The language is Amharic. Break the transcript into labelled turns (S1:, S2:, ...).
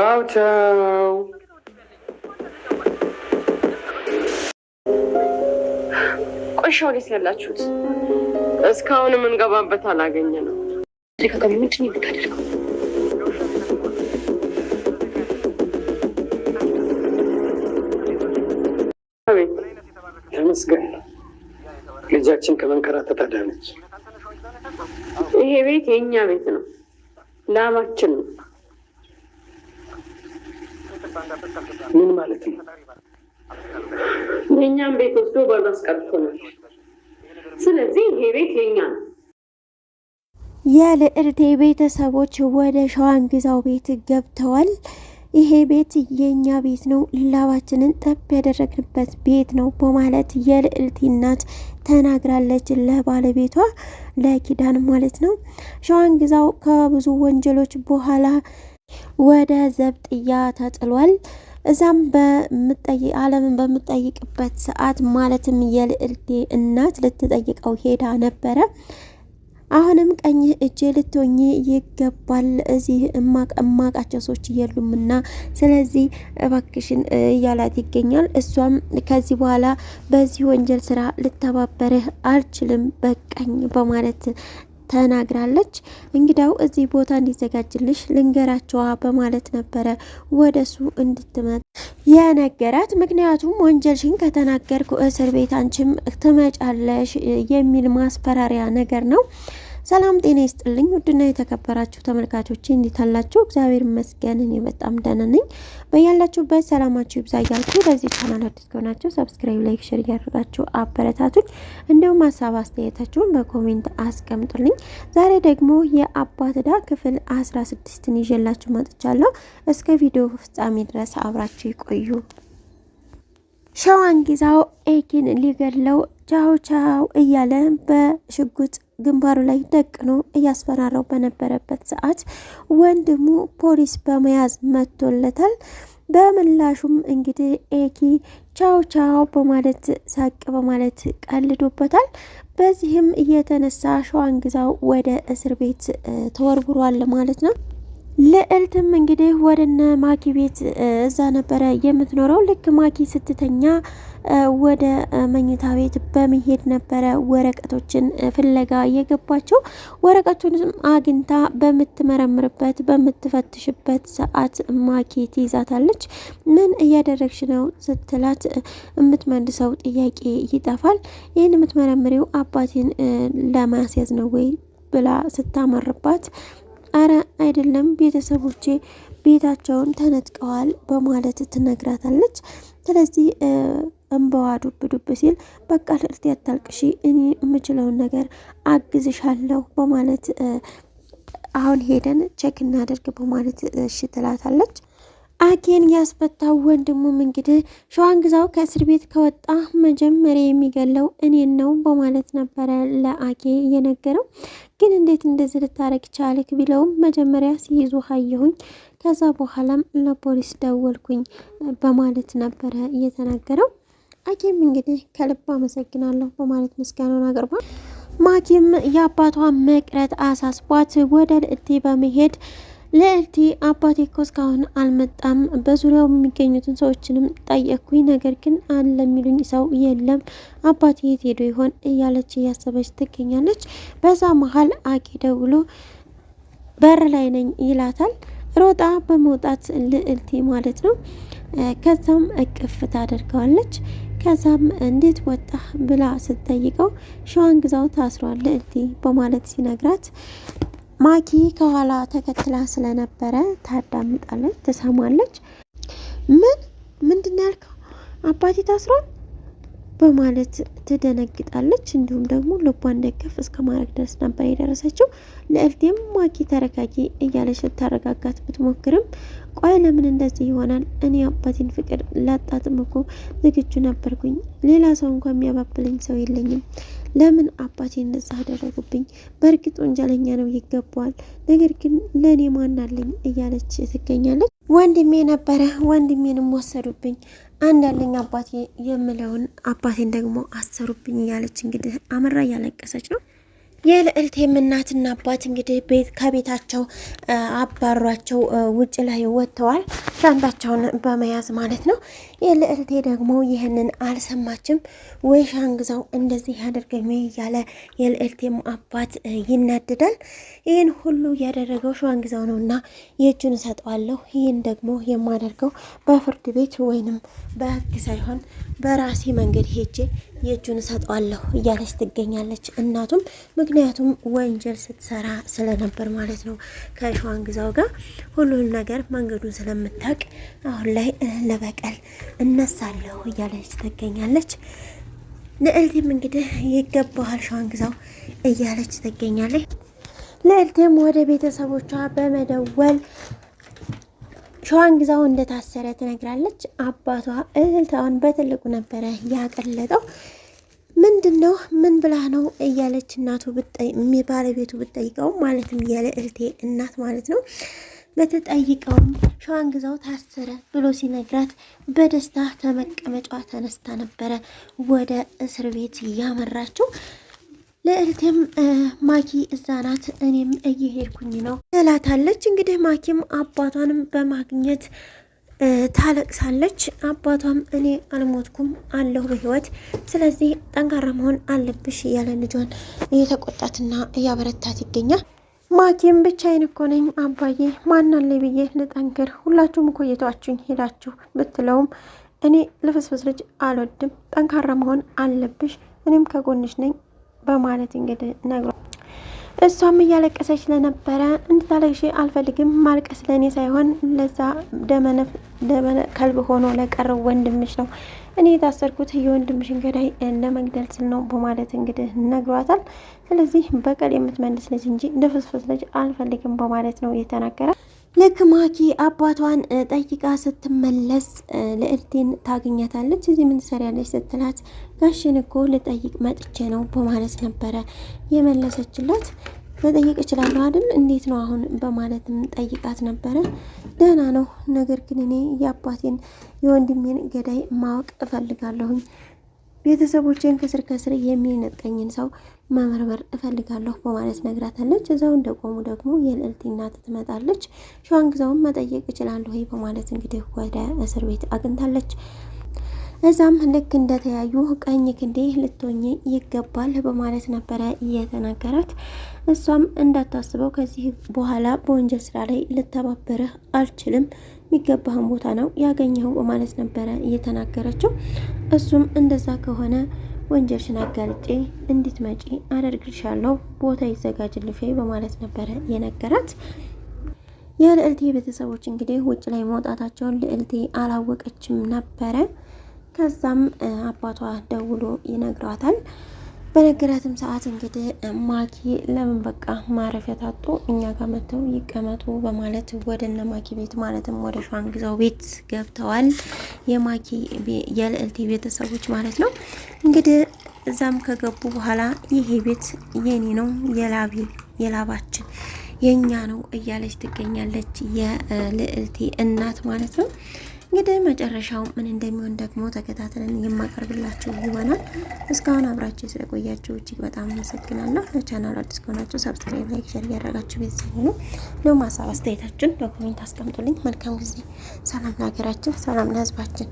S1: ቻው ቻው።
S2: ቆይ ሻው ያላችሁት እስካሁን የምንገባበት አላገኘ ነው። ምንድን የምታደርገው?
S1: ተመስገን ልጃችን ከመንከራተት አዳነች።
S2: ይሄ ቤት የእኛ ቤት ነው፣ ላማችን ነው።
S1: ምን ማለት ነው?
S2: የእኛም ቤት ወስዶ ባዶ አስቀርቶናል። ስለዚህ ይሄ ቤት የኛ ነው። የልዕልቴ ቤተሰቦች ወደ ግዛው ቤት ገብተዋል። ይሄ ቤት የኛ ቤት ነው፣ ላባችንን ጠብ ያደረግንበት ቤት ነው በማለት የልዕልቴ እናት ተናግራለች ለባለቤቷ ለኪዳን ማለት ነው። ግዛው ከብዙ ወንጀሎች በኋላ ወደ ዘብጥያ ተጥሏል። እዛም ዓለምን በምጠይቅበት ሰዓት ማለትም የልዕልቴ እናት ልትጠይቀው ሄዳ ነበረ። አሁንም ቀኝ እጄ ልትሆኚ ይገባል፣ እዚህ እማቃቸው ሰዎች የሉምና ስለዚህ እባክሽን እያላት ይገኛል። እሷም ከዚህ በኋላ በዚህ ወንጀል ስራ ልተባበርህ አልችልም፣ በቀኝ በማለት ተናግራለች። እንግዳው እዚህ ቦታ እንዲዘጋጅልሽ ልንገራቸዋ በማለት ነበረ ወደሱ እንድትመጥ የነገራት። ምክንያቱም ወንጀልሽን ከተናገርኩ እስር ቤት አንቺም ትመጫለሽ የሚል ማስፈራሪያ ነገር ነው። ሰላም ጤና ይስጥልኝ። ውድና የተከበራችሁ ተመልካቾቼ እንዴት አላችሁ? እግዚአብሔር ይመስገን እኔ በጣም ደህና ነኝ። በያላችሁበት ሰላማችሁ ይብዛ እያልኩ በዚህ ቻናል አዲስ ከሆናችሁ ሰብስክራይብ፣ ላይክ፣ ሼር እያደርጋችሁ አበረታቱኝ። እንዲሁም ሀሳብ አስተያየታችሁን በኮሜንት አስቀምጡልኝ። ዛሬ ደግሞ የአባት ዕዳ ክፍል አስራ ስድስትን ይዤላችሁ መጥቻለሁ። እስከ ቪዲዮ ፍጻሜ ድረስ አብራችሁ ይቆዩ። ሸዋንጊዛው ኤኪን ሊገድለው ቻው ቻው እያለ በሽጉጥ ግንባሩ ላይ ደቅኖ እያስፈራራው በነበረበት ሰዓት ወንድሙ ፖሊስ በመያዝ መቶለታል። በምላሹም እንግዲህ ኤኪ ቻው ቻው በማለት ሳቅ በማለት ቀልዶበታል። በዚህም እየተነሳ ሸዋን ግዛው ወደ እስር ቤት ተወርውሯል ማለት ነው። ልዕልትም እንግዲህ ወደነ ማኪ ቤት እዛ ነበረ የምትኖረው። ልክ ማኪ ስትተኛ ወደ መኝታ ቤት በመሄድ ነበረ ወረቀቶችን ፍለጋ የገባቸው። ወረቀቱንም አግኝታ በምትመረምርበት በምትፈትሽበት ሰዓት ማኪ ትይዛታለች። ምን እያደረግሽ ነው ስትላት የምትመልሰው ጥያቄ ይጠፋል። ይህን የምትመረምሪው አባቴን ለማስያዝ ነው ወይ ብላ ስታመርባት፣ አረ አይደለም ቤተሰቦቼ ቤታቸውን ተነጥቀዋል በማለት ትነግራታለች። ስለዚህ እንበዋ ዱብ ዱብ ሲል በቃ ልዕልት ያታልቅሺ፣ እኔ የምችለውን ነገር አግዝሻለሁ በማለት አሁን ሄደን ቼክ እናደርግ በማለት እሺ ትላታለች። አኬን ያስፈታው ወንድሙም እንግዲህ ሸዋን ግዛው ከእስር ቤት ከወጣ መጀመሪያ የሚገለው እኔን ነው በማለት ነበረ ለአኬ የነገረው። ግን እንዴት እንደዚህ ልታረግ ቻልክ ቢለውም መጀመሪያ ሲይዙ ሀየሁኝ ከዛ በኋላም ለፖሊስ ደወልኩኝ በማለት ነበረ እየተናገረው። አኬም እንግዲህ ከልብ አመሰግናለሁ በማለት ምስጋናውን አቅርቧል። ማኪም የአባቷ መቅረት አሳስቧት ወደ ልእቴ በመሄድ ልዕልቲ አባቴ እኮ እስካሁን አልመጣም፣ በዙሪያው የሚገኙትን ሰዎችንም ጠየኩኝ ነገር ግን አለ የሚሉኝ ሰው የለም፣ አባቴ የት ሄዶ ይሆን እያለች እያሰበች ትገኛለች። በዛ መሀል አኬ ደውሎ በር ላይ ነኝ ይላታል። ሮጣ በመውጣት ልዕልቲ ማለት ነው። ከዛም እቅፍ ታደርገዋለች። ከዛም እንዴት ወጣ ብላ ስትጠይቀው ሸዋን ግዛው ታስሯል ልዕልቲ በማለት ሲነግራት ማኪ ከኋላ ተከትላ ስለነበረ ታዳምጣለች፣ ትሰማለች። ምን ምንድን ያልከው አባቴ ታስሯል በማለት ትደነግጣለች። እንዲሁም ደግሞ ልቧን ደገፍ እስከ ማድረግ ድረስ ነበር የደረሰችው። ለእልቴም ማኪ ተረጋጊ እያለች ልታረጋጋት ብትሞክርም ቆይ ለምን እንደዚህ ይሆናል? እኔ አባቴን ፍቅር ላጣጥም እኮ ዝግጁ ነበርኩኝ። ሌላ ሰው እንኳ የሚያባብለኝ ሰው የለኝም። ለምን አባቴ እንደዛ አደረጉብኝ? በእርግጥ ወንጀለኛ ነው ይገባዋል፣ ነገር ግን ለእኔ ማናለኝ እያለች ትገኛለች። ወንድሜ ነበረ፣ ወንድሜንም ወሰዱብኝ፣ አንዳለኝ አባቴ የምለውን አባቴን ደግሞ አሰሩብኝ እያለች እንግዲህ አምራ እያለቀሰች ነው። የልዕልቴም እናትና አባት እንግዲህ ቤት ከቤታቸው አባሯቸው ውጭ ላይ ወጥተዋል፣ ሻንጣቸውን በመያዝ ማለት ነው። የልዕልቴ ደግሞ ይህንን አልሰማችም ወይ ሻንግዛው እንደዚህ ያደርገኝ እያለ የልዕልቴም አባት ይናደዳል። ይህን ሁሉ ያደረገው ሸዋንግዛው ነው እና የእጁን እሰጠዋለሁ። ይህን ደግሞ የማደርገው በፍርድ ቤት ወይንም በህግ ሳይሆን በራሴ መንገድ ሄጄ የእጁን እሰጠዋለሁ እያለች ትገኛለች እናቱም ምክንያቱም ወንጀል ስትሰራ ስለነበር ማለት ነው። ከሸዋን ግዛው ጋር ሁሉን ነገር መንገዱን ስለምታውቅ አሁን ላይ ለበቀል እነሳለሁ እያለች ትገኛለች። ልዕልትም እንግዲህ ይገባሃል ሸዋን ግዛው እያለች ትገኛለች። ለእልቴም ወደ ቤተሰቦቿ በመደወል ሸዋን ግዛው እንደታሰረ ትነግራለች። አባቷ እህልታውን በትልቁ ነበረ ያቀለጠው። ምንድን ነው ምን ብላ ነው እያለች እናቱ ባለቤቱ ብጠይቀውም ማለትም እያለ እህቴ እናት ማለት ነው በተጠይቀውም ሸዋን ግዛው ታሰረ ብሎ ሲነግራት በደስታ ከመቀመጫዋ ተነስታ ነበረ ወደ እስር ቤት ያመራችው። ለእህቴም ማኪ እዛ ናት፣ እኔም እየሄድኩኝ ነው እላታለች። እንግዲህ ማኪም አባቷንም በማግኘት ታለቅሳለች። አባቷም እኔ አልሞትኩም አለሁ በህይወት፣ ስለዚህ ጠንካራ መሆን አለብሽ እያለ ልጇን እየተቆጣትና እያበረታት ይገኛል። ማኪም ብቻዬን እኮ ነኝ አባዬ ማናለ ብዬ ልጠንክር፣ ሁላችሁም እኮ እየተዋችሁኝ ሄዳችሁ ብትለውም እኔ ልፍስፍስ ልጅ አልወድም፣ ጠንካራ መሆን አለብሽ፣ እኔም ከጎንሽ ነኝ በማለት እንግዲህ ነግሯል። እሷም እያለቀሰች ስለነበረ እንድታለቅሽ አልፈልግም፣ ማልቀስ ለእኔ ሳይሆን ለዛ ደመነፍ ደመነ ከልብ ሆኖ ለቀረው ወንድምሽ ነው። እኔ የታሰርኩት የወንድምሽን ገዳይ ለመግደል ስል ነው በማለት እንግዲህ ነግሯታል። ስለዚህ በቀል የምትመልስ ልጅ እንጂ ድፍስፍስ ልጅ አልፈልግም በማለት ነው የተናገራል። ልክ ማኪ አባቷን ጠይቃ ስትመለስ ልዕልቴን ታገኛታለች። እዚህ ምን ትሰሪያለች ስትላት ጋሽን እኮ ልጠይቅ መጥቼ ነው በማለት ነበረ የመለሰችላት። መጠየቅ እችላለሁ አይደል? እንዴት ነው አሁን በማለትም ጠይቃት ነበረ። ደህና ነው፣ ነገር ግን እኔ የአባቴን የወንድሜን ገዳይ ማወቅ እፈልጋለሁኝ ቤተሰቦችን ከስር ከስር የሚነጥቀኝን ሰው መመርመር እፈልጋለሁ በማለት ነግራታለች። እዛው እንደቆሙ ደግሞ የልዕልት እናት ትመጣለች። ሸዋንግዛውን መጠየቅ እችላለሁ ወይ በማለት እንግዲህ ወደ እስር ቤት አግኝታለች። እዛም ልክ እንደተያዩ ቀኝ ክንዴ ልትሆኝ ይገባል በማለት ነበረ እየተናገራት። እሷም እንዳታስበው ከዚህ በኋላ በወንጀል ስራ ላይ ልተባበረህ አልችልም የሚገባህን ቦታ ነው ያገኘኸው በማለት ነበረ እየተናገረችው። እሱም እንደዛ ከሆነ ወንጀልሽን አጋልጬ መጪ አደርግልሻለሁ ቦታ ይዘጋጅልሽ በማለት ነበረ የነገራት። የልዕልቴ ቤተሰቦች እንግዲህ ውጭ ላይ መውጣታቸውን ልዕልቴ አላወቀችም ነበረ። ከዛም አባቷ ደውሎ ይነግሯታል። በነገራትም ሰዓት እንግዲህ ማኪ ለምን በቃ ማረፊያ ታጡ እኛ ጋር መጥተው ይቀመጡ በማለት ወደ እነ ማኪ ቤት ማለትም ወደ ሸዋንግዛው ቤት ገብተዋል። የማኪ የልዕልት ቤተሰቦች ማለት ነው። እንግዲህ እዛም ከገቡ በኋላ ይሄ ቤት የኔ ነው የላቤ የላባችን የእኛ ነው እያለች ትገኛለች የልዕልቴ እናት ማለት ነው። እንግዲህ መጨረሻው ምን እንደሚሆን ደግሞ ተከታተለን የማቀርብላችሁ ይሆናል። እስካሁን አብራችሁ ስለቆያችሁ እጅግ በጣም አመሰግናለሁ። ለቻናል አዲስ ከሆናችሁ ሰብስክራይብ፣ ላይክ፣ ሸር እያደረጋችሁ ቤት ሲሆኑ እንዲሁም ሀሳብ አስተያየታችሁን በኮሜንት አስቀምጡልኝ። መልካም ጊዜ። ሰላም ለሀገራችን፣ ሰላም ለሕዝባችን።